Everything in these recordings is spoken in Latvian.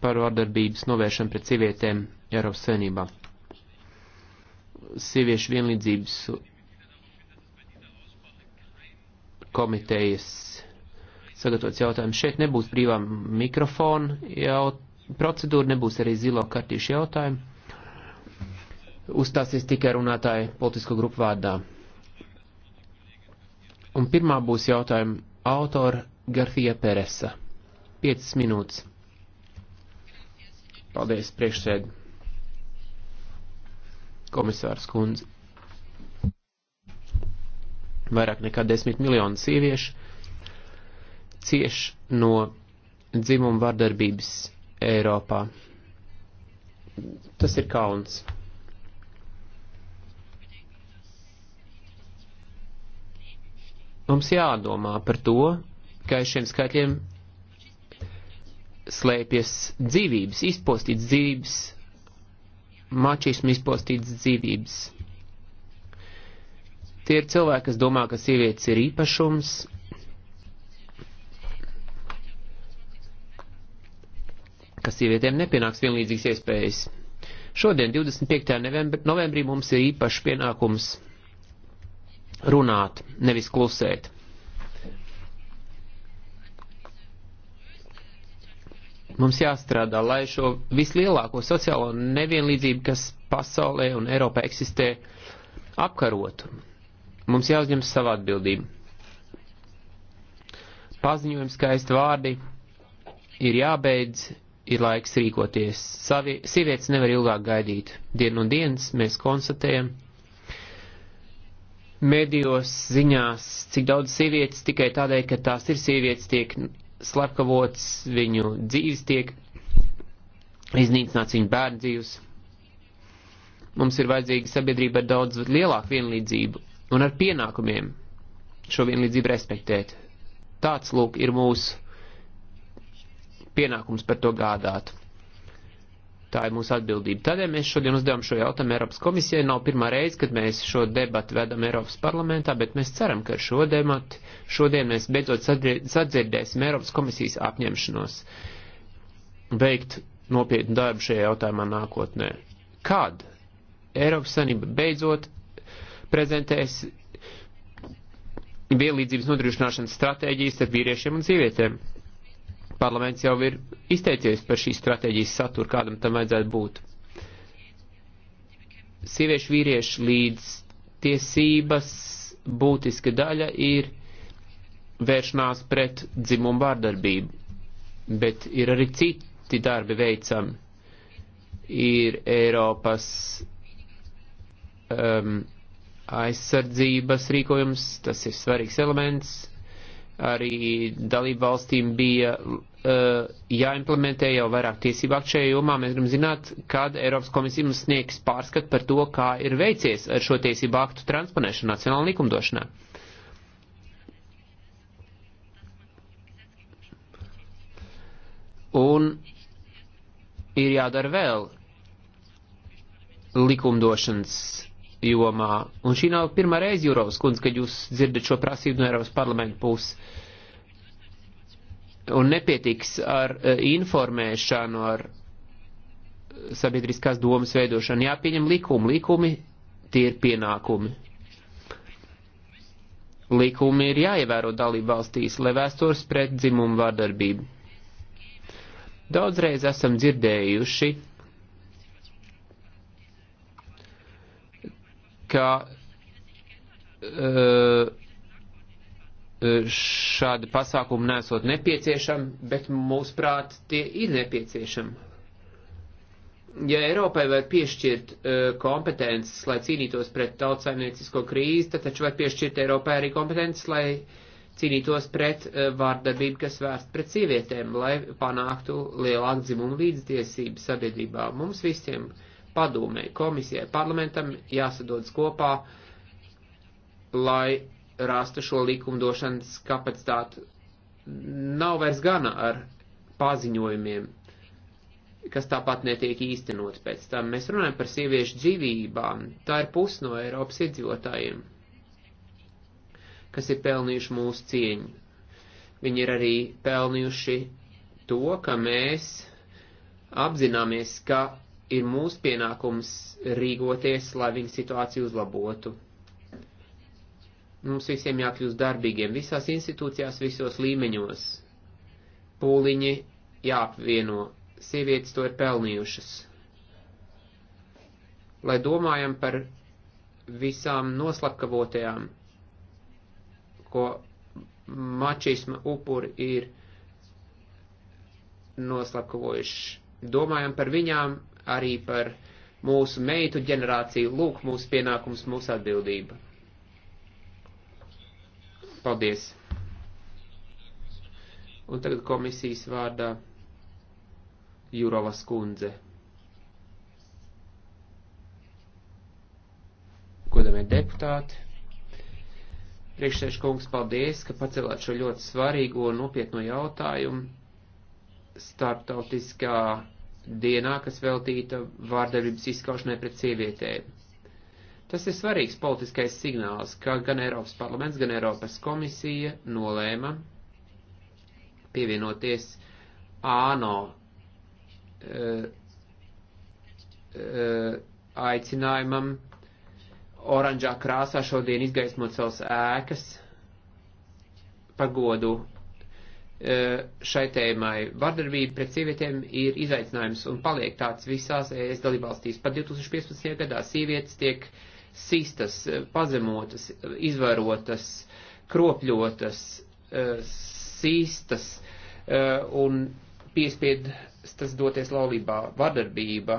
par vardarbības novēršanu pret sievietēm Eiropas Savienībā. Sieviešu vienlīdzības komitejas sagatavots jautājums. Šeit nebūs brīvā mikrofona jaut, procedūra, nebūs arī zilo kartīšu jautājumu. Uzstāsies tikai runātāji politisko grupu vārdā. Un pirmā būs jautājuma autora Garfija Peresa. 5 minūtes. Paldies, priekšsēd. Komisārs Kundze. Vairāk nekā desmit miljonu sieviešu cieš no dzimuma vardarbības Eiropā. Tas ir kauns. Mums jādomā par to, ka aiz šiem skaitļiem slēpjas dzīvības, izpostīts dzīvības, mačismu izpostīts dzīvības. Tie ir cilvēki, kas domā, ka sievietes ir īpašums. ka sievietēm nepienāks vienlīdzīgas iespējas. Šodien, 25. Novembr novembrī, mums ir īpašs pienākums runāt, nevis klusēt. Mums jāstrādā, lai šo vislielāko sociālo nevienlīdzību, kas pasaulē un Eiropā eksistē, apkarotu. Mums jāuzņem savā atbildību. Paziņojums skaisti vārdi ir jābeidz, ir laiks rīkoties. Savi, sievietes nevar ilgāk gaidīt. Dienu un dienas mēs konstatējam medijos ziņās, cik daudz sievietes tikai tādēļ, ka tās ir sievietes, tiek slepkavots, viņu dzīves tiek iznīcināts, viņu bērnu dzīves. Mums ir vajadzīga sabiedrība ar daudz lielāku vienlīdzību un ar pienākumiem šo vienlīdzību respektēt. Tāds lūk ir mūsu pienākums par to gādāt. Tā ir mūsu atbildība. Tādēļ mēs šodien uzdevām šo jautājumu Eiropas komisijai. Nav pirmā reize, kad mēs šo debatu vedam Eiropas parlamentā, bet mēs ceram, ka ar šo debatu šodien mēs beidzot sadzirdēsim Eiropas komisijas apņemšanos veikt nopietnu darbu šajā jautājumā nākotnē. Kad Eiropas Sanība beidzot prezentēs vienlīdzības nodrošināšanas stratēģijas starp vīriešiem un sievietēm? Parlaments jau ir izteicies par šīs stratēģijas saturu, kādam tam vajadzētu būt. Sieviešu vīriešu līdz tiesības būtiska daļa ir vēršanās pret dzimumu vārdarbību, bet ir arī citi darbi veicami. Ir Eiropas um, aizsardzības rīkojums, tas ir svarīgs elements arī dalību valstīm bija uh, jāimplementē jau vairāk tiesību aktu šajā jomā. Mēs gribam zināt, kad Eiropas komisija mums sniegs pārskat par to, kā ir veicies ar šo tiesību aktu transponēšanu nacionāla likumdošanā. Un ir jādara vēl likumdošanas jomā. Un šī nav pirmā reize, Jūrovas kundze, kad jūs dzirdat šo prasību no Eiropas parlamenta puses. Un nepietiks ar e, informēšanu, ar e, sabiedriskās domas veidošanu. Jāpieņem likumi. Likumi tie ir pienākumi. Likumi ir jāievēro dalību valstīs, lai vēstos pret dzimumu vārdarbību. Daudzreiz esam dzirdējuši ka eh, eh, šādi pasākumi nesot nepieciešami, bet mūsuprāt tie ir nepieciešami. Ja Eiropai var piešķirt eh, kompetences, lai cīnītos pret tautsaimniecisko krīzi, tad taču var piešķirt Eiropai arī kompetences, lai cīnītos pret vārdarbību, kas vērst pret sievietēm, lai panāktu lielāku dzimumu līdztiesību sabiedrībā. Mums visiem uh, padomē, komisijai, parlamentam jāsadodas kopā, lai rastu šo likumdošanas kapacitātu. Nav vairs gana ar paziņojumiem, kas tāpat netiek īstenot pēc tam. Mēs runājam par sieviešu dzīvībām, tā ir pus no Eiropas iedzīvotājiem, kas ir pelnījuši mūsu cieņu. Viņi ir arī pelnījuši to, ka mēs apzināmies, ka ir mūsu pienākums rīkoties, lai viņu situāciju uzlabotu. Mums visiem jākļūst darbīgiem visās institūcijās, visos līmeņos. Pūliņi jāapvieno, sievietes to ir pelnījušas. Lai domājam par visām noslapkavotajām, ko mačisma upuri ir noslapkavojuši domājam par viņām arī par mūsu meitu ģenerāciju. Lūk, mūsu pienākums, mūsu atbildība. Paldies. Un tagad komisijas vārdā Jurovas kundze. Godamie deputāti, priekšsēžu kungs, paldies, ka pacēlāt šo ļoti svarīgo un nopietno jautājumu starptautiskā dienā, kas veltīta vārdarbības izskaušanai pret sievietēm. Tas ir svarīgs politiskais signāls, ka gan Eiropas parlaments, gan Eiropas komisija nolēma pievienoties ANO uh, uh, aicinājumam oranžā krāsā šodien izgaismot savas ēkas par godu E, šai tēmai. Vardarbība pret sievietēm ir izaicinājums un paliek tāds visās ES dalībvalstīs. Pat 2015. gadā sievietes tiek sistas, e, pazemotas, izvarotas, kropļotas, e, sistas un piespiedtas doties laulībā. Vardarbība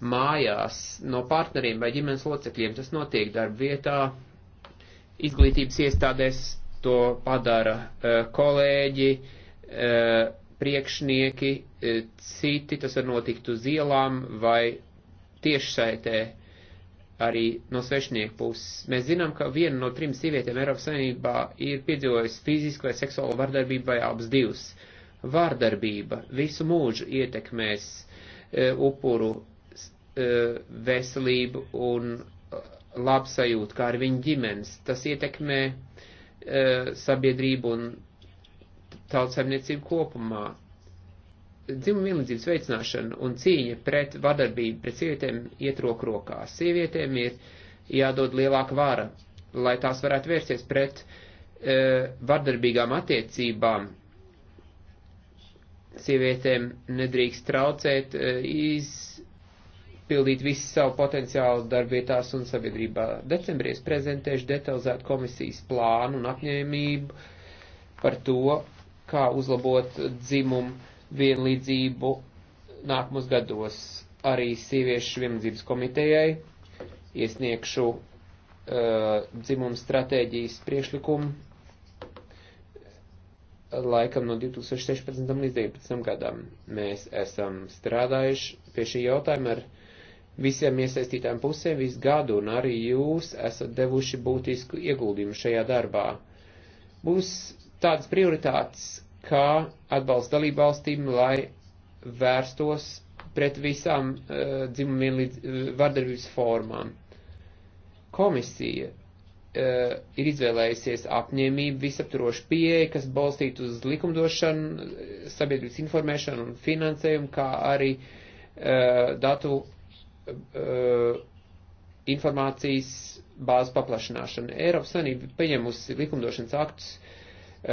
mājās no partneriem vai ģimenes locekļiem tas notiek darba vietā, izglītības iestādēs, to padara e, kolēģi, e, priekšnieki, e, citi, tas var notikt uz ielām vai tiešsaitē arī no svešnieku puses. Mēs zinām, ka viena no trim sievietēm Eiropas Savienībā ir piedzīvojusi fizisku vai seksuālu vardarbību vai abas divas. Vārdarbība visu mūžu ietekmēs e, upuru e, veselību un labsajūtu, kā arī viņa ģimenes. Tas ietekmē uh, E, sabiedrību un tautsaimniecību kopumā. Dzimuma vienlīdzības veicināšana un cīņa pret vadarbību pret sievietēm iet roku rokā. Sievietēm ir jādod lielāka vara, lai tās varētu vērsties pret e, vardarbīgām attiecībām. Sievietēm nedrīkst traucēt e, iz, izpildīt visu savu potenciālu darbietās un sabiedrībā. Decembrī es prezentēšu detalizētu komisijas plānu un apņēmību par to, kā uzlabot dzimumu vienlīdzību nākamos gados. Arī sieviešu vienlīdzības komitejai iesniegšu uh, dzimumu stratēģijas priekšlikumu laikam no 2016. līdz 2019. gadam. Mēs esam strādājuši pie šī jautājuma ar visiem iesaistītām pusēm visu gadu, un arī jūs esat devuši būtisku ieguldījumu šajā darbā. Būs tādas prioritātes, kā atbalsts dalībvalstīm, lai vērstos pret visām uh, eh, dzimumiem līdz uh, eh, vardarbības formām. Komisija uh, ir izvēlējusies apņēmību visaptrošu pieeja, kas balstītu uz likumdošanu, sabiedrības informēšanu un finansējumu, kā arī uh, datu informācijas bāzes paplašināšana. Eiropas Savienība pieņemusi likumdošanas aktus, uh,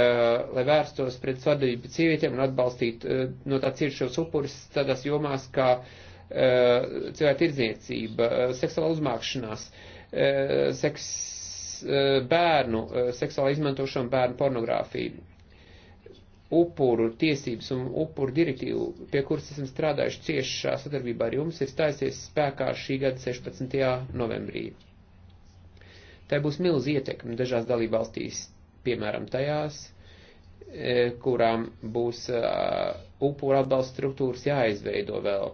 lai vērstos pret svardarbību pret sievietēm un atbalstītu uh, no tā cietušos upurus tādās jomās kā uh, cilvēku tirdzniecība, seksuāla uzmākšanās, seks, bērnu, seksuāla izmantošana, bērnu pornogrāfija upuru tiesības un upuru direktīvu, pie kuras esam strādājuši ciešā sadarbībā ar jums, ir stājusies spēkā šī gada 16. novembrī. Tā būs milz ietekme dažās dalībvalstīs, piemēram tajās, e, kurām būs e, upuru atbalsta struktūras jāizveido vēl,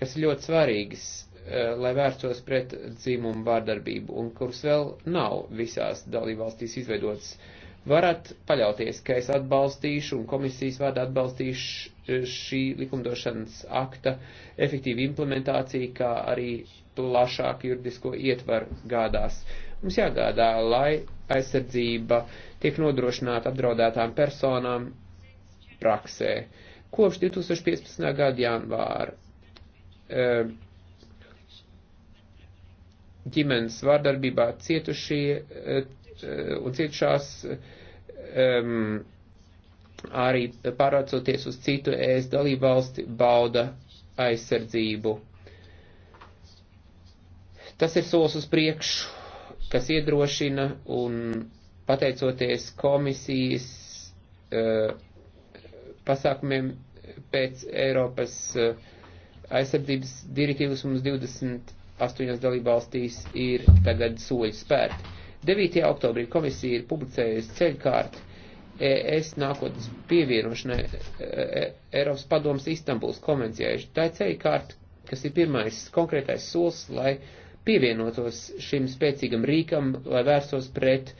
kas ir ļoti svarīgas, e, lai vērstos pret dzimumu vārdarbību un kuras vēl nav visās dalībvalstīs izveidotas. Uh, varat paļauties, ka es atbalstīšu un komisijas vārdā atbalstīšu šī likumdošanas akta efektīvu implementāciju, kā arī plašāku juridisko ietvaru gādās. Mums jāgādā, lai aizsardzība tiek nodrošināta apdraudētām personām praksē. Kopš 2015. gada janvāra eh, ģimenes vārdarbībā cietušie eh, Eh, un cietušās um, arī pārācoties uz citu ES dalību valsti bauda aizsardzību. Tas ir solis uz priekšu, kas iedrošina un pateicoties komisijas uh, pasākumiem pēc Eiropas uh, aizsardzības direktīvas mums 28 dalībvalstīs ir tagad soļi spērti. 9. oktobrī komisija ir publicējusi ceļkārti ES nākotnes pievienošanai e, e, Eiropas padomas Istanbuls konvencijai. Tā ir ceļkārta, kas ir pirmais konkrētais solis, lai pievienotos šim spēcīgam rīkam, lai vērsos pret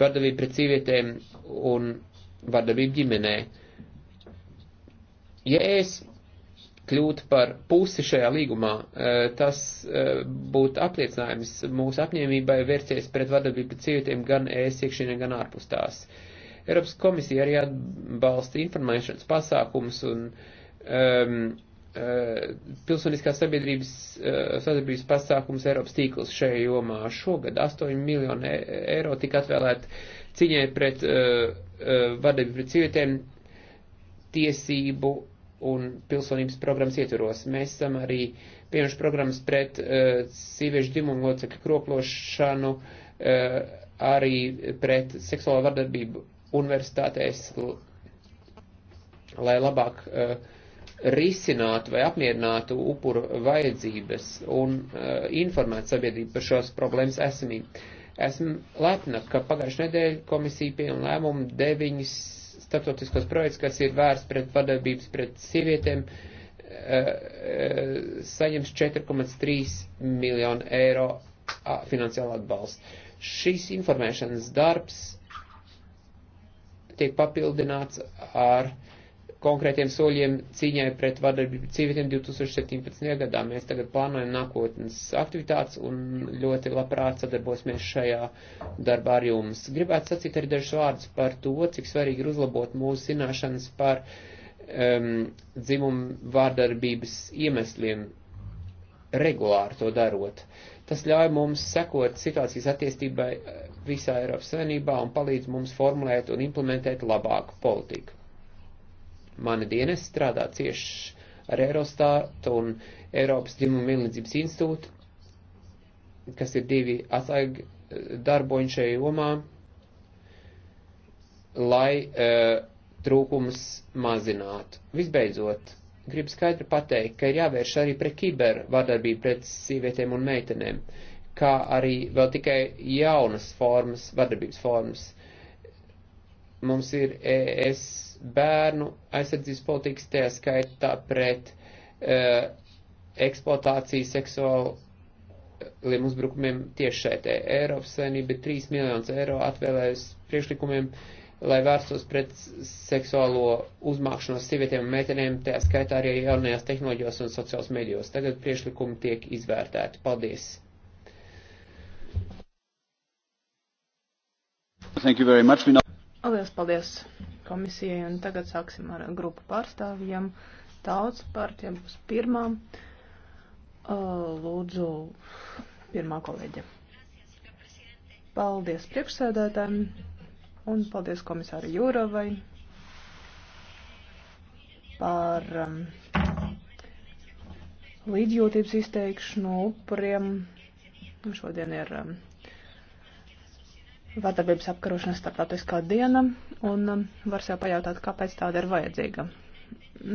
vardarbību pret sievietēm un vardarbību ģimenē. Ja es kļūt par pusi šajā līgumā. E, tas e, būtu apliecinājums mūsu apņēmībai vērsties pret vardarbību pret sievietēm gan ēs iekšienē, gan ārpus tās. Eiropas komisija arī atbalsta informēšanas pasākums un um, pilsoniskās sabiedrības sadarbības pasākums Eiropas tīkls šajā jomā. Šogad 8 miljoni eiro tika atvēlēt ciņai pret uh, uh, vardarbību pret sievietēm tiesību un pilsonības programmas ietvaros. Mēs esam arī pieņemši programmas pret uh, sieviešu dzimumu locekļu kroplošanu, uh, arī pret seksuālo vardarbību universitātēs, lai labāk uh, risinātu vai apmierinātu upuru vajadzības un uh, informētu sabiedrību par šos problēmas esamību. Esmu lepna, ka pagājušajā nedēļā komisija pieņem lēmumu deviņas starptautiskos projekts, kas ir vērsts pret vadarbības pret sievietēm, eh, eh, saņems 4,3 miljonu eiro finansiālu atbalstu. Šīs informēšanas darbs tiek papildināts ar uh, konkrētiem soļiem cīņai pret vardarbību sievietēm 2017. gadā. Mēs tagad plānojam nākotnes aktivitātes un ļoti labprāt sadarbosimies šajā darbā ar jums. Gribētu sacīt arī dažus vārdus par to, cik svarīgi ir uzlabot mūsu zināšanas par um, dzimumu vārdarbības iemesliem, regulāri to darot. Tas ļauj mums sekot situācijas attīstībai uh, visā Eiropas Savienībā un palīdz mums formulēt un implementēt labāku politiku. Mani dienas strādā cieši ar Eurostātu un Eiropas dzimumu vienlīdzības institūtu, kas ir divi atlaigi eh, darboņi šajā jomā, lai e, trūkums mazinātu. Visbeidzot, gribu skaidri pateikt, ka ir jāvērš arī pret kiber vardarbību pret sievietēm un meitenēm, kā arī vēl tikai jaunas formas, vardarbības formas. E, Mums ir ES bērnu aizsardzības politikas, tajā skaitā pret uh, eksploatāciju seksuāliem uzbrukumiem tieši šeit. Eiropas saimnība 3 miljonus eiro atvēlējusi priekšlikumiem, lai vērstos pret seksuālo uzmākšanos sievietēm un meitenēm, tajā skaitā arī jaunajās tehnoloģijos un sociālos medijos. Tagad priekšlikumi tiek izvērtēti. Paldies! Thank you very much. Lielas paldies komisijai, un tagad sāksim ar grupu pārstāvjiem. Tautas partijām būs pirmā. Lūdzu, pirmā kolēģe. Paldies priekšsēdētājiem, un paldies komisāri Jūrovai par um, līdzjūtības izteikšanu upuriem. Šodien ir um, vardarbības apkarošanas starptautiskā diena, un um, var sev pajautāt, kāpēc tāda ir vajadzīga.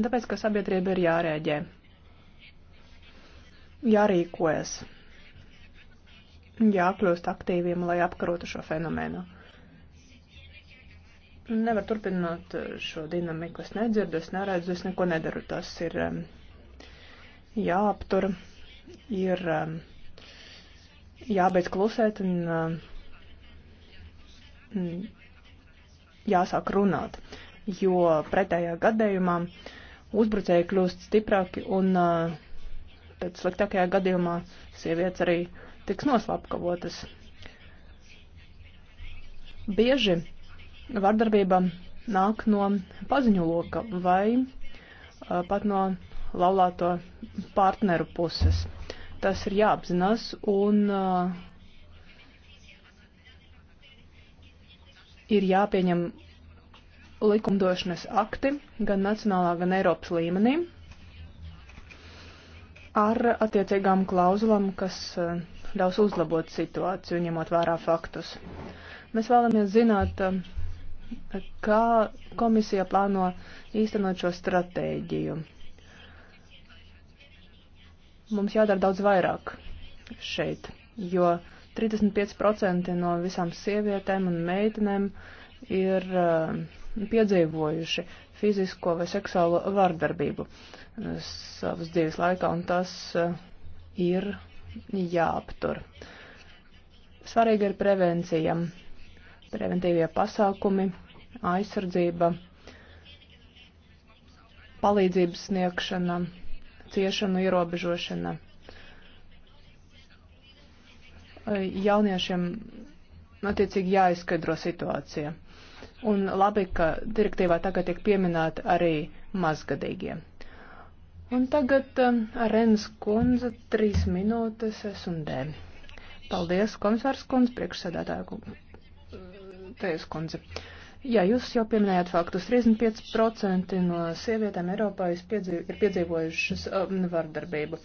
Tāpēc, ka sabiedrība ir jārēģē, jārīkojas, jākļūst aktīviem, lai apkarotu šo fenomenu. Nevar turpināt uh, šo dinamiku, es nedzirdu, es neredzu, es neko nedaru. Tas ir um, jāaptur, ir um, jābeidz klusēt un uh, Mm. jāsāk runāt, jo pretējā gadījumā uzbrucēji kļūst stiprāki un uh, tad sliktākajā gadījumā sievietes arī tiks noslapkavotas. Bieži vardarbība nāk no paziņu loka vai uh, pat no laulāto partneru puses. Tas ir jāapzinās un uh, ir jāpieņem likumdošanas akti gan nacionālā, gan Eiropas līmenī ar attiecīgām klauzulām, kas eh, ļaus uzlabot situāciju, ņemot vērā faktus. Mēs vēlamies zināt, eh, kā komisija plāno īstenot šo stratēģiju. Mums jādara daudz vairāk šeit, jo uh, 35% no visām sievietēm un meitenēm ir eh, piedzīvojuši fizisko vai seksuālo vardarbību eh, savas dzīves laikā, un tas eh, ir jāaptur. Svarīga ir prevencija, preventīvie pasākumi, aizsardzība, palīdzības sniegšana, ciešanu ierobežošana jauniešiem attiecīgi jāizskaidro situācija. Un labi, ka direktīvā tagad tiek pieminēti arī mazgadīgie. Un tagad um, Rens kundze, trīs minūtes es un D. Paldies, komisārs kundze, priekšsēdētāja tejas kundze. Jā, jūs jau pieminējāt faktus. 35% no sievietēm Eiropā piedzīv, ir piedzīvojušas um, vardarbību,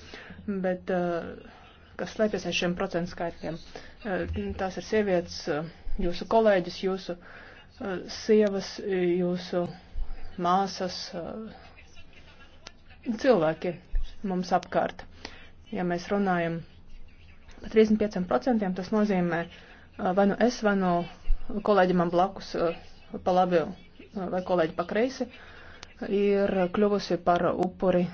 bet uh, kas slēpjas aiz šiem procentu skaitļiem. Eh, tās ir sievietes, eh, jūsu kolēģis, jūsu eh, sievas, jūsu māsas, cilvēki mums apkārt. Ja mēs runājam par 35%, tas nozīmē vai nu es, vai nu kolēģi man blakus pa labi vai kolēģi pa kreisi ir kļuvusi par upuri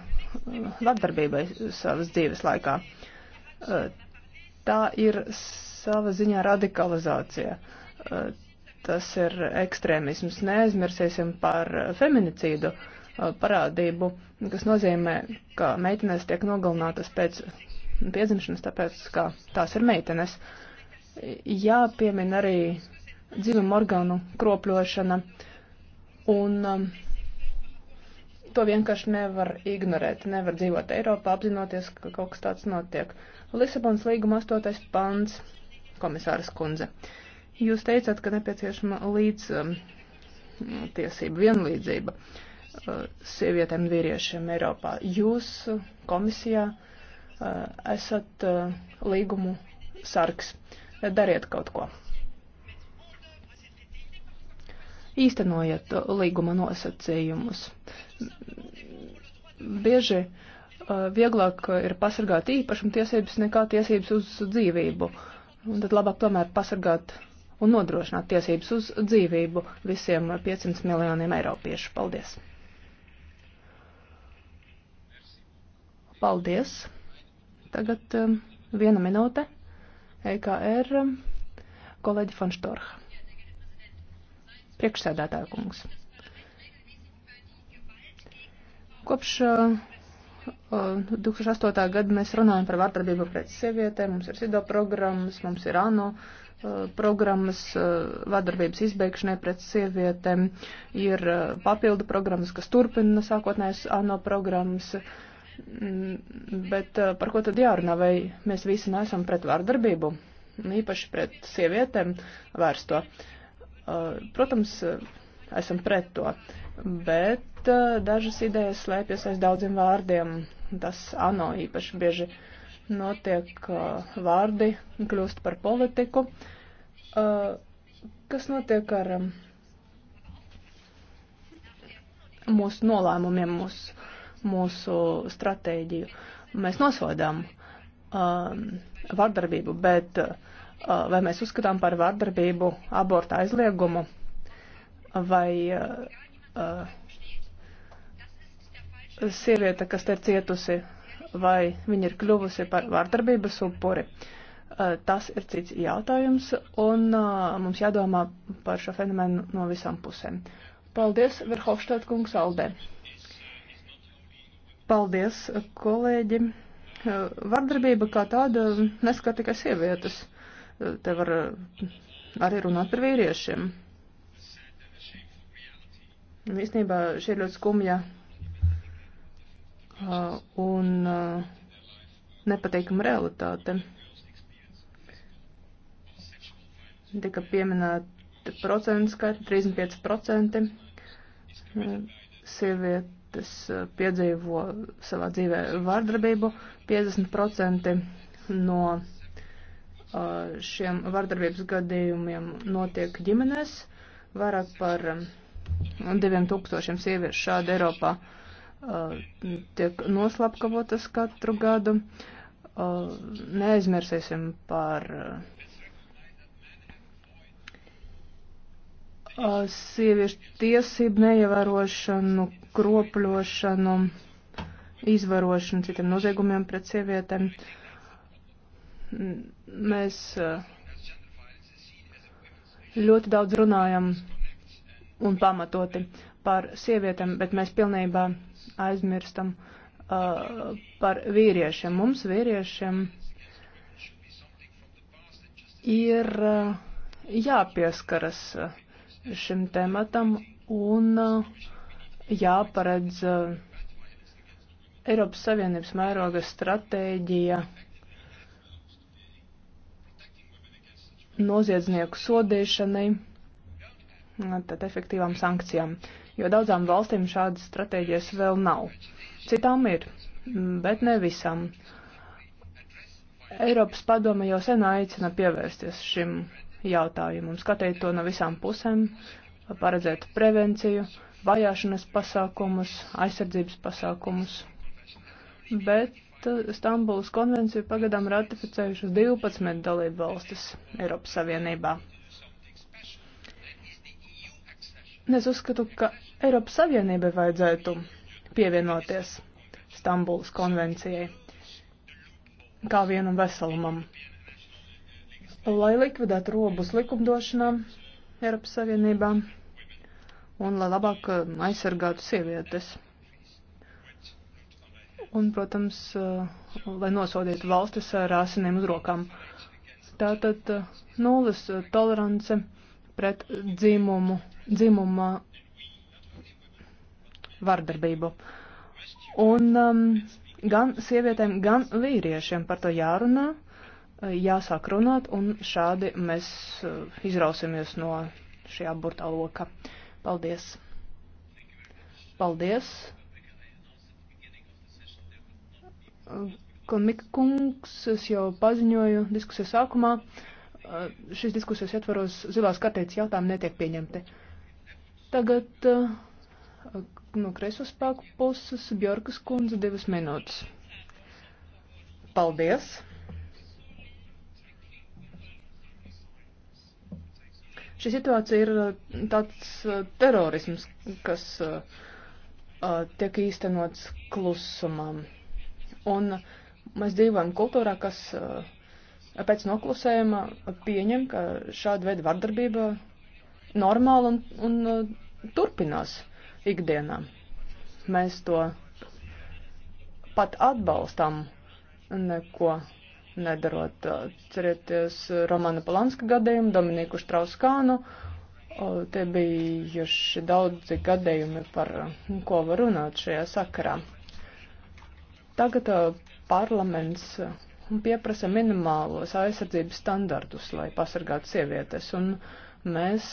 vardarbībai savas dzīves laikā. Uh, Tā ir sava ziņā radikalizācija. Tas ir ekstrēmisms. Neaizmirsīsim par feminicīdu parādību, kas nozīmē, ka meitenes tiek nogalinātas pēc piedzimšanas, tāpēc, ka tās ir meitenes. Jāpiemin arī dzimumu orgānu kropļošana, un um, to vienkārši nevar ignorēt. Nevar dzīvot Eiropā, apzinoties, ka kaut kas tāds notiek. Uh, Lisabons līguma 8. pants, komisāras kundze. Jūs teicāt, ka nepieciešama līdz um, tiesība, vienlīdzība uh, sievietēm un vīriešiem Eiropā. Jūs uh, komisijā uh, esat uh, līgumu sargs. Dariet kaut ko. Īstenojiet uh, līguma nosacījumus. Bieži uh, vieglāk ir pasargāt īpašuma tiesības nekā tiesības uz dzīvību. Un tad labāk tomēr pasargāt un nodrošināt tiesības uz dzīvību visiem 500 miljoniem eiropiešu. Paldies! Paldies! Tagad um, viena minūte. EKR um, kolēģi Fonštorha. Priekšsēdētāja kungs. Kopš uh, 2008. Uh, gadu mēs runājam par vārdarbību pret sievietēm, mums ir SIDO programmas, mums ir ANO uh, programmas uh, vārdarbības izbeigšanai pret sievietēm, ir papildu programmas, kas turpina sākotnēs ANO programmas, mm, bet par ko tad jārunā, vai mēs visi neesam pret vārdarbību, īpaši pret sievietēm vērsto? Protams, esam pret to bet uh, dažas idejas slēpjas aiz daudziem vārdiem. Tas ANO īpaši bieži notiek, uh, vārdi kļūst par politiku. Uh, kas notiek ar um, mūsu nolēmumiem, mūsu, mūsu stratēģiju? Mēs nosodām um, vārdarbību, bet vai mēs uzskatām par vārdarbību abortu aizliegumu vai uh, sieviete, kas te ir cietusi, vai viņa ir kļuvusi par vārdarbības upuri. Uh, tas ir cits jautājums, un uh, mums jādomā par šo fenomenu no visām pusēm. Paldies, Verhofstadt kungs Aldē. Paldies, kolēģi. Uh, vardarbība kā tāda neskar tikai sievietes. Uh, te var uh, arī runāt par vīriešiem. Nu, īstenībā šī ir ļoti skumja uh, un uh, nepatīkama realitāte. Tika pieminēta procents, ka 35% sievietes uh, piedzīvo savā dzīvē vārdarbību, 50% no šiem vārdarbības gadījumiem notiek ģimenēs, vairāk par um, Diviem tūkstošiem sieviešu šādi Eiropā uh, tiek noslapkavotas katru gadu. Uh, neaizmirsīsim par uh, sieviešu tiesību neievērošanu, kropļošanu, izvarošanu citiem noziegumiem pret sievietēm. Mēs uh, ļoti daudz runājam un pamatoti par sievietēm, bet mēs pilnībā aizmirstam uh, par vīriešiem. Mums vīriešiem ir uh, jāpieskaras uh, šim tematam un uh, jāparedz uh, Eiropas Savienības mēroga stratēģija noziedznieku sodīšanai tad efektīvām sankcijām, jo daudzām valstīm šādas stratēģijas vēl nav. Citām ir, bet ne visām. Eiropas padome jau sen aicina pievērsties šim jautājumam, skatīt to no visām pusēm, paredzēt prevenciju, vajāšanas pasākumus, aizsardzības pasākumus. Bet uh, Stambulas konvenciju pagadām ratificējušas 12 dalību valstis Eiropas Savienībā. Es uzskatu, ka Eiropas Savienībai vajadzētu pievienoties Stambulas konvencijai kā vienam veselumam. Lai likvidētu robus likumdošanā Eiropas Savienībā un lai labāk uh, aizsargātu sievietes un, protams, uh, lai nosodītu valstis ar asinīm uz rokām. Tātad uh, nulles tolerance pret dzimumu dzimuma vardarbību. Un um, gan sievietēm, gan vīriešiem par to jārunā, jāsāk runāt, un šādi mēs uh, izrausimies no šī aburtā loka. Paldies! Paldies! Komika kungs, es jau paziņoju diskusijas sākumā. Uh, šīs diskusijas ietvaros zilās kartētas jautājumi netiek pieņemti. Tagad eh, no kreiso spēku puses Bjorkas kundze divas minūtes. Paldies! Šī situācija ir eh, tāds eh, terorisms, kas uh, tiek īstenots klusumā. Un mēs dzīvojam kultūrā, kas uh, pēc noklusējuma pieņem, ka šāda veida vardarbība normāli un, un uh, turpinās ikdienā. Mēs to pat atbalstam, neko nedarot. Uh, cerieties Romana Palanska gadījumu, Dominiku Štrauskānu. Tie bija šie daudzi gadījumi, par uh, ko var runāt šajā sakarā. Tagad parlaments pieprasa minimālos aizsardzības standartus, lai pasargātu sievietes. Un, uh, mēs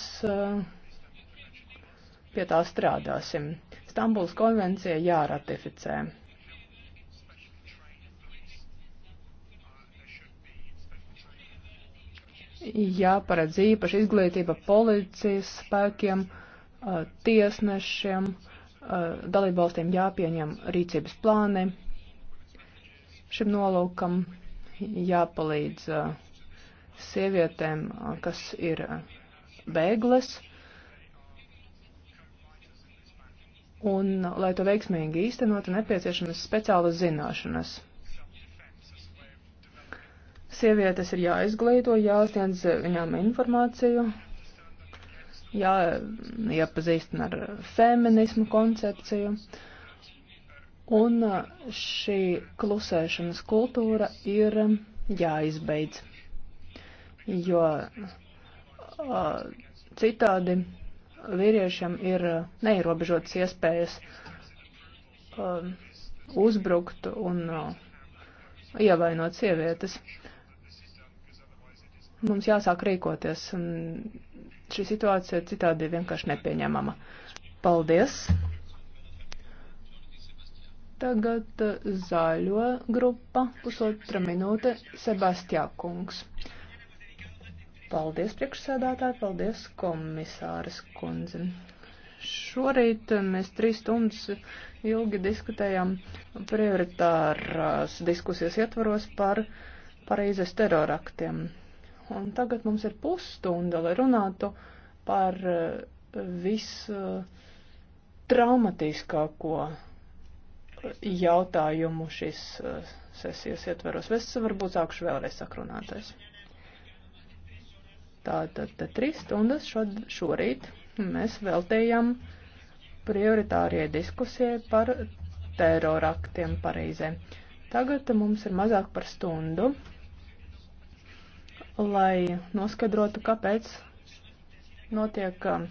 pie tā strādāsim. Stambuls konvencija jāratificē. Jāparedz īpaši izglītība policijas spēkiem, tiesnešiem, dalībvalstīm jāpieņem rīcības plāni šim nolūkam, jāpalīdz sievietēm, kas ir bēgles. Un, lai to veiksmīgi īstenotu, nepieciešamas speciālas zināšanas. Sievietes ir jāizglīto, jāsniedz viņām informāciju, jāiepazīstina ar feminismu koncepciju. Un šī klusēšanas kultūra ir jāizbeidz, jo Citādi vīriešiem ir neierobežotas iespējas uzbrukt un ievainot sievietes. Mums jāsāk rīkoties, un šī situācija citādi ir vienkārši nepieņemama. Paldies! Tagad zaļo grupa, pusotra minūte, Sebastijā kungs. Paldies, priekšsēdētāji, paldies, komisāras kundze. Šorīt eh, mēs trīs stundas ilgi diskutējām prioritārās diskusijas ietvaros par Parīzes teroraktiem. Un tagad mums ir pusstunda, lai runātu par eh, vistraumatiskāko jautājumu šīs eh, sesijas ietvaros. Es varbūt sākušu vēlreiz sakrunāties. Tātad trīs stundas šod, šorīt mēs veltījām prioritārie diskusijai par teroraktiem Parīzē. Tagad mums ir mazāk par stundu, lai noskaidrotu, kāpēc notiek um,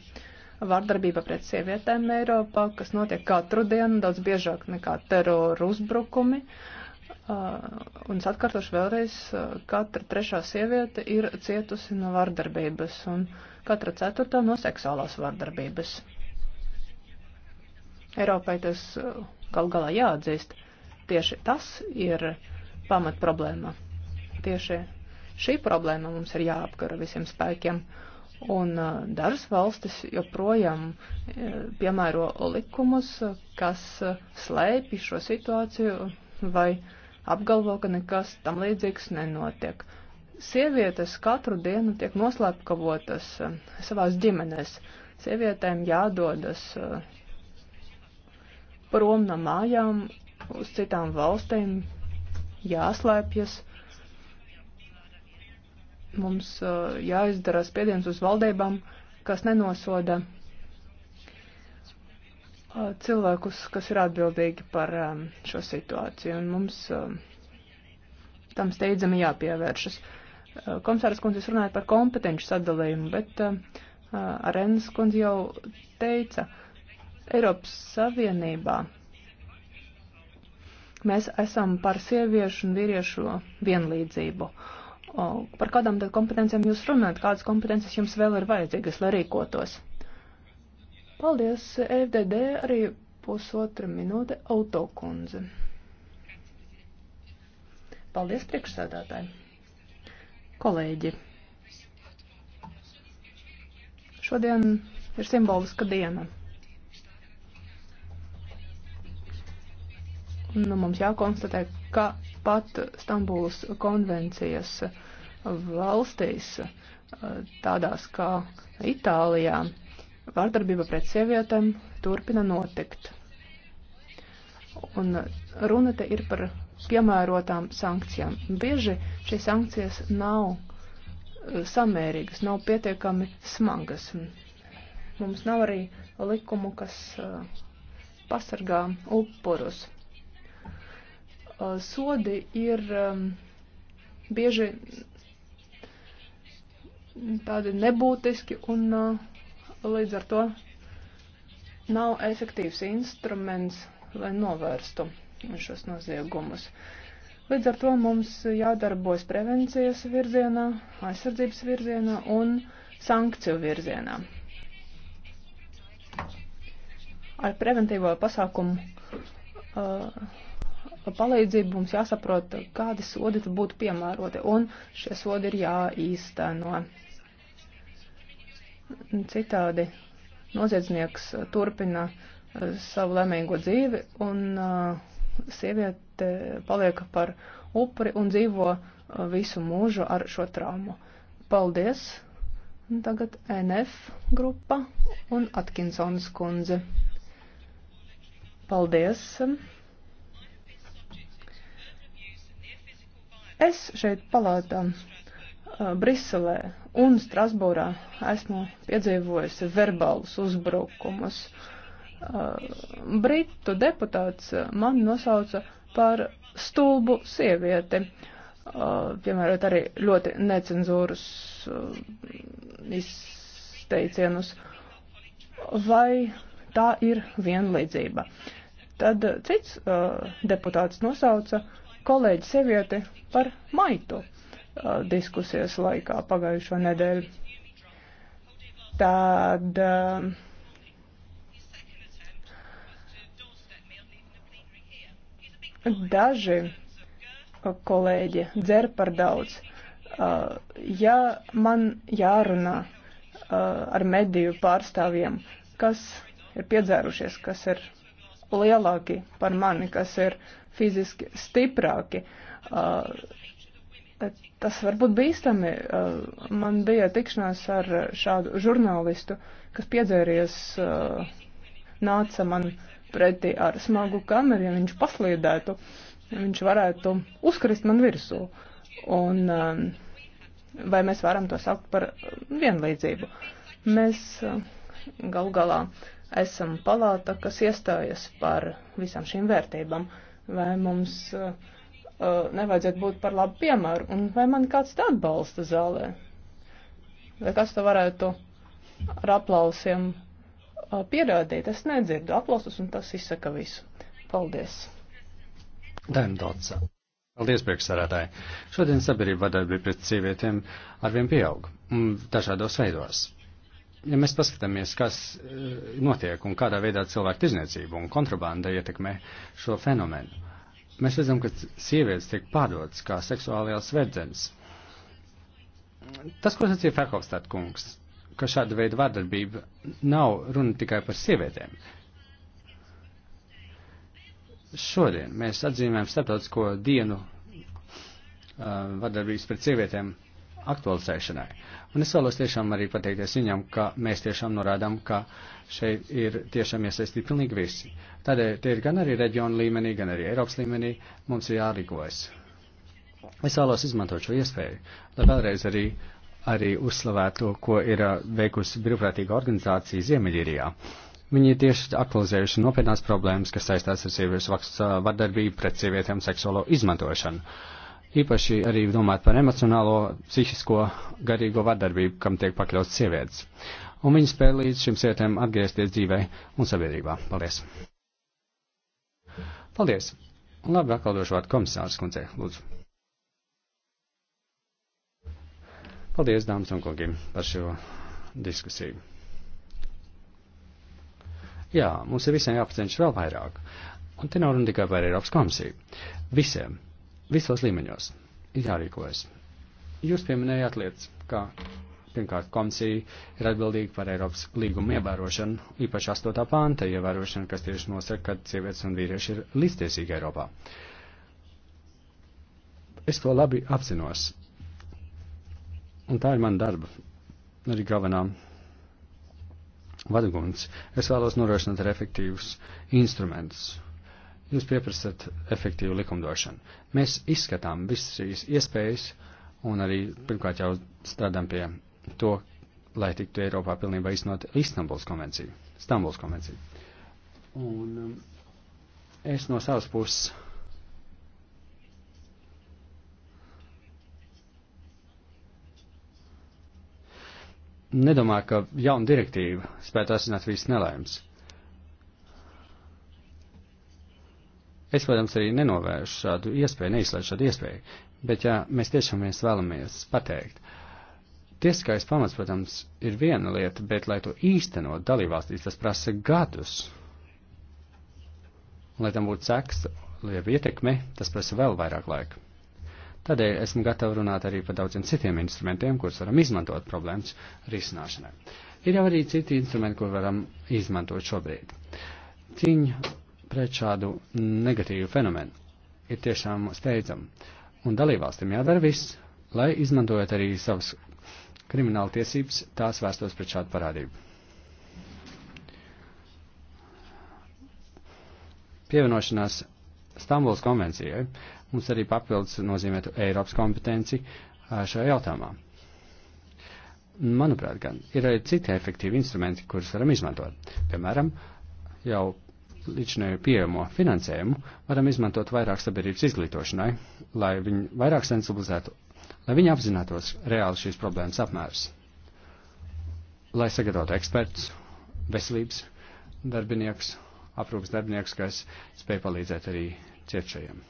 vārdarbība pret sievietēm Eiropā, kas notiek katru dienu, daudz biežāk nekā teroru uzbrukumi. Uh, Uh, un es atkārtošu vēlreiz, uh, katra trešā sieviete ir cietusi no vardarbības un katra ceturtā no seksuālās vardarbības. Eiropai tas uh, gal galā jāatzīst. Tieši tas ir pamat problēma. Tieši šī problēma mums ir jāapkara visiem spēkiem. Un dažas valstis joprojām piemēro likumus, kas slēpj šo situāciju vai uh, apgalvo, ka nekas tam līdzīgs nenotiek. Sievietes katru dienu tiek noslēpkavotas eh, savās ģimenēs. Sievietēm jādodas eh, prom no mājām uz citām valstīm, jāslēpjas. Mums eh, jāizdara spiediens uz valdībām, kas nenosoda cilvēkus, kas ir atbildīgi par šo situāciju, un mums tam steidzami jāpievēršas. Komisāras kundze, jūs runājat par kompetenci sadalījumu, bet Arenas kundze jau teica, Eiropas Savienībā mēs esam par sieviešu un vīriešu vienlīdzību. Par kādām tad kompetencijām jūs runājat, kādas kompetences jums vēl ir vajadzīgas, lai rīkotos? Paldies, FDD, arī pusotra minūte autokundze. Paldies, priekšsēdētāji. Kolēģi. Šodien ir simboliska diena. Nu, mums jākonstatē, ka pat Stambulas konvencijas valstīs, tādās kā Itālijā, Vārdarbība pret sievietēm turpina notikt. Un runa te ir par piemērotām sankcijām. Bieži šīs sankcijas nav eh, samērīgas, nav pietiekami smagas. Mums nav arī likumu, kas eh, pasargā upurus. Eh, sodi ir ehm, bieži tādi nebūtiski un uh, līdz ar to nav efektīvs instruments, lai novērstu šos noziegumus. Līdz ar to mums jādarbojas prevencijas virzienā, aizsardzības virzienā un sankciju virzienā. Ar preventīvo pasākumu uh, palīdzību mums jāsaprot, kādi sodi būtu piemēroti, un šie sodi ir jāīsteno. Citādi noziedznieks turpina eh, savu lemīgo dzīvi un eh, sieviete paliek par upuri un dzīvo eh, visu mūžu ar šo traumu. Paldies! Tagad NF grupa un Atkinsons kundze. Paldies! Es šeit palātā Briselē un Strasbūrā esmu piedzīvojusi verbālus uzbrukumus. Britu deputāts mani nosauca par stulbu sievieti, piemērot arī ļoti necenzūras izteicienus. Vai tā ir vienlīdzība? Tad cits deputāts nosauca kolēģi sievieti par maitu. Uh, diskusijas laikā pagājušo nedēļu. Tad uh, daži kolēģi dzer par daudz. Uh, ja man jārunā ar mediju pārstāvjiem, kas ir piedzērušies, kas ir lielāki par mani, kas ir fiziski stiprāki, Tas var būt bīstami. Eh, man bija tikšanās ar šādu žurnālistu, kas piedzēries, eh, nāca man pretī ar smagu kameru, ja viņš paslīdētu, viņš varētu uzkrist man virsū. Un eh, vai mēs varam to saukt par vienlīdzību? Mēs gal galā esam palāta, kas iestājas par visām šīm vērtībām. Vai mums uh, Uh, nevajadzētu būt par labu piemēru. Un vai man kāds te atbalsta zālē? Vai kas to varētu ar aplausiem uh, pierādīt? Es nedzirdu aplausus, un tas izsaka visu. Paldies! Daimdalts. Paldies, priekšsarētāji. Šodien sabiedrība vadarbība pret sievietēm arvien pieaug, mm, dažādos veidos. Ja mēs paskatāmies, kas uh, notiek un kādā veidā cilvēku tirzniecība un kontrabanda ietekmē šo fenomenu, Mēs redzam, ka sievietes tiek pārdotas kā seksuālajās verdzenes. Tas, ko sacīja Ferhofstad kungs, ka šāda veida vardarbība nav runa tikai par sievietēm. Šodien mēs atzīmējam starptautisko dienu uh, vardarbības pret sievietēm aktualizēšanai. Un es vēlos tiešām arī pateikties viņam, ka mēs tiešām norādām, ka šeit ir tiešām iesaistīti pilnīgi visi. Tādēļ tie ir gan arī reģionu līmenī, gan arī Eiropas līmenī mums ir jārīkojas. Es vēlos izmantot šo iespēju, lai vēlreiz arī, arī uzslavētu to, ko ir uh, veikusi brīvprātīga organizācija Ziemeļīrijā. Viņi ir tieši aktualizējuši nopietnās problēmas, kas saistās ar sieviešu uh, vardarbību pret sievietēm seksuālo izmantošanu īpaši arī domāt par emocionālo, psihisko, garīgo vardarbību, kam tiek pakļauts sievietes. Un viņi spēja līdz šim sievietēm atgriezties dzīvē un sabiedrībā. Paldies! Paldies! Un labi, atkal došu vārdu komisārs kundzei, lūdzu. Paldies, dāmas un kungi, par šo diskusiju. Jā, mums ir visiem jāpacenšas vēl vairāk. Un te nav runa tikai par Eiropas komisiju. Visiem Visos līmeņos ir jārīkojas. Jūs pieminējāt lietas, kā pirmkārt komisija ir atbildīga par Eiropas līguma ievērošanu, īpaši 8. pānta ievērošanu, kas tieši nosaka, ka sievietes un vīrieši ir līdztiesīgi Eiropā. Es to labi apzinos. Un tā ir mana darba, arī galvenā vaduguns. Es vēlos norošināt ar efektīvus instrumentus, Jūs pieprasat efektīvu likumdošanu. Mēs izskatām visas šīs iespējas un arī pirmkārt jau strādām pie to, lai tiktu Eiropā pilnībā iznot Istanbuls konvenciju, Stambuls konvenciju. Un um, es no savas puses nedomāju, ka jauna direktīva spētu asināt visas nelaimes. Es, protams, arī nenovēršu šādu iespēju, neizslēdzu šādu iespēju, bet ja mēs tiešām mēs vēlamies pateikt, tiesiskais pamats, protams, ir viena lieta, bet, lai to īstenot dalībvalstīs, tas prasa gadus. Lai tam būtu seks, lieva ietekme, tas prasa vēl vairāk laika. Tādēļ esmu gatava runāt arī par daudziem citiem instrumentiem, kurus varam izmantot problēmas risināšanai. Ir jau arī citi instrumenti, ko varam izmantot šobrīd. Cīņa pret šādu negatīvu fenomenu ir tiešām steidzama. Un dalībvalstīm jādara viss, lai izmantojot arī savas krimināla tiesības, tās vērstos pret šādu parādību. Pievienošanās Stambuls konvencijai mums arī papildus nozīmētu Eiropas kompetenci šajā jautājumā. Manuprāt, gan ir arī citi efektīvi instrumenti, kurus varam izmantot. Piemēram, jau līdzinēju pieejamo finansējumu varam izmantot vairāk sabiedrības izglītošanai, lai viņi vairāk sensibilizētu, lai viņi apzinātos reāli šīs problēmas apmērus, lai sagatavotu ekspertus, veselības darbinieks, aprūpas darbinieks, kas spēj palīdzēt arī cietušajiem.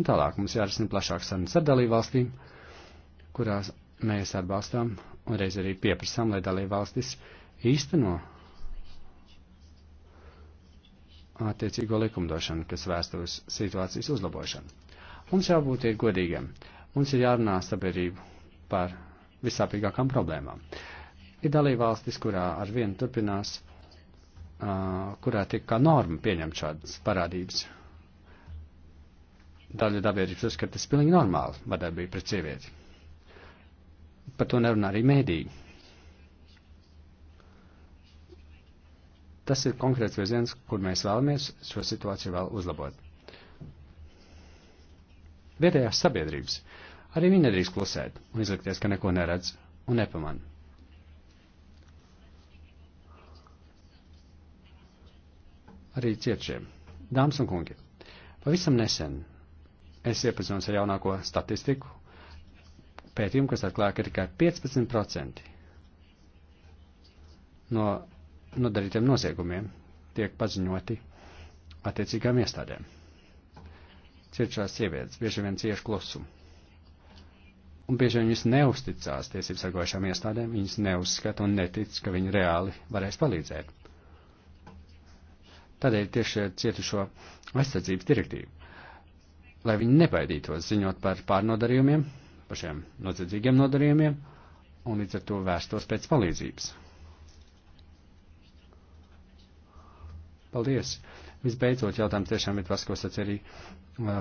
Un tālāk mums jārisina plašāks sarunas ar dalībvalstīm, kurās mēs atbalstām un reiz arī pieprasām, lai dalībvalstis īsteno attiecīgo likumdošanu, kas vērsta uz situācijas uzlabošanu. Mums jābūt ir godīgiem. Mums ir jārunā sabiedrību par visāpīgākām problēmām. Ir dalībvalstis, kurā ar vienu turpinās, uh, kurā tiek kā norma pieņemt šādas parādības. Daļa dabierības uzskata, tas pilnīgi normāli, vadarbība pret sievieti par to nerunā arī mēdī. Tas ir konkrēts virziens, kur mēs vēlamies šo situāciju vēl uzlabot. Vietējās sabiedrības. Arī viņi nedrīkst klusēt un izlikties, ka neko neredz un nepamana. Arī cietšiem. Dāmas un kungi, pavisam nesen es iepazinos ar jaunāko statistiku pētījumu, kas atklāja, ka tikai 15% no nodarītiem noziegumiem tiek paziņoti attiecīgām iestādēm. Cietušās sievietes bieži vien cieši klusumu. Un bieži vien viņas neusticās tiesību sargojušām iestādēm, viņas neuzskata un netic, ka viņi reāli varēs palīdzēt. Tādēļ tieši cietušo aizsardzības direktīvu, lai viņi nebaidītos ziņot par pārnodarījumiem par šiem nocedzīgiem nodarījumiem un līdz ar to vērstos pēc palīdzības. Paldies! Visbeidzot, jautājums tiešām ir tas, ko sac arī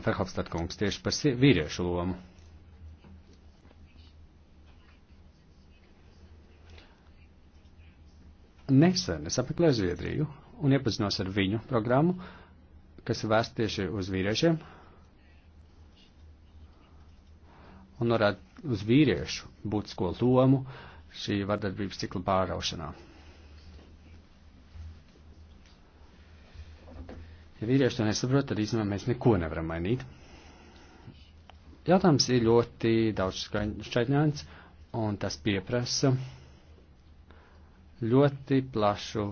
Ferhofstad uh, kungs tieši par vīriešu lomu. Nesen es apmeklēju Zviedriju un iepazinos ar viņu programmu, kas ir vērsta tieši uz vīriešiem, un norāda uz vīriešu būtisko lomu šī vardarbības cikla pāraušanā. Ja vīrieši to nesaprot, tad īstenībā mēs neko nevaram mainīt. Jautājums ir ļoti daudz šķaitņāns, un tas pieprasa ļoti plašu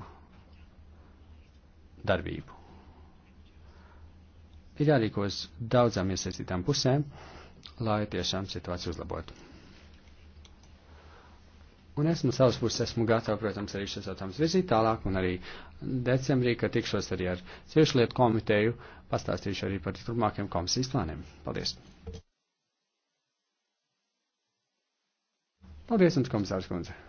darbību. Ir jārīkos daudzām iesaistītām pusēm, lai tiešām situāciju uzlabotu. Un es no savas puses esmu gatava, protams, arī šis jautājums virzīt tālāk, un arī decembrī, kad tikšos arī ar ciešu lietu komiteju, pastāstīšu arī par turpmākiem komisijas plāniem. Paldies! Paldies jums, komisārs kundze!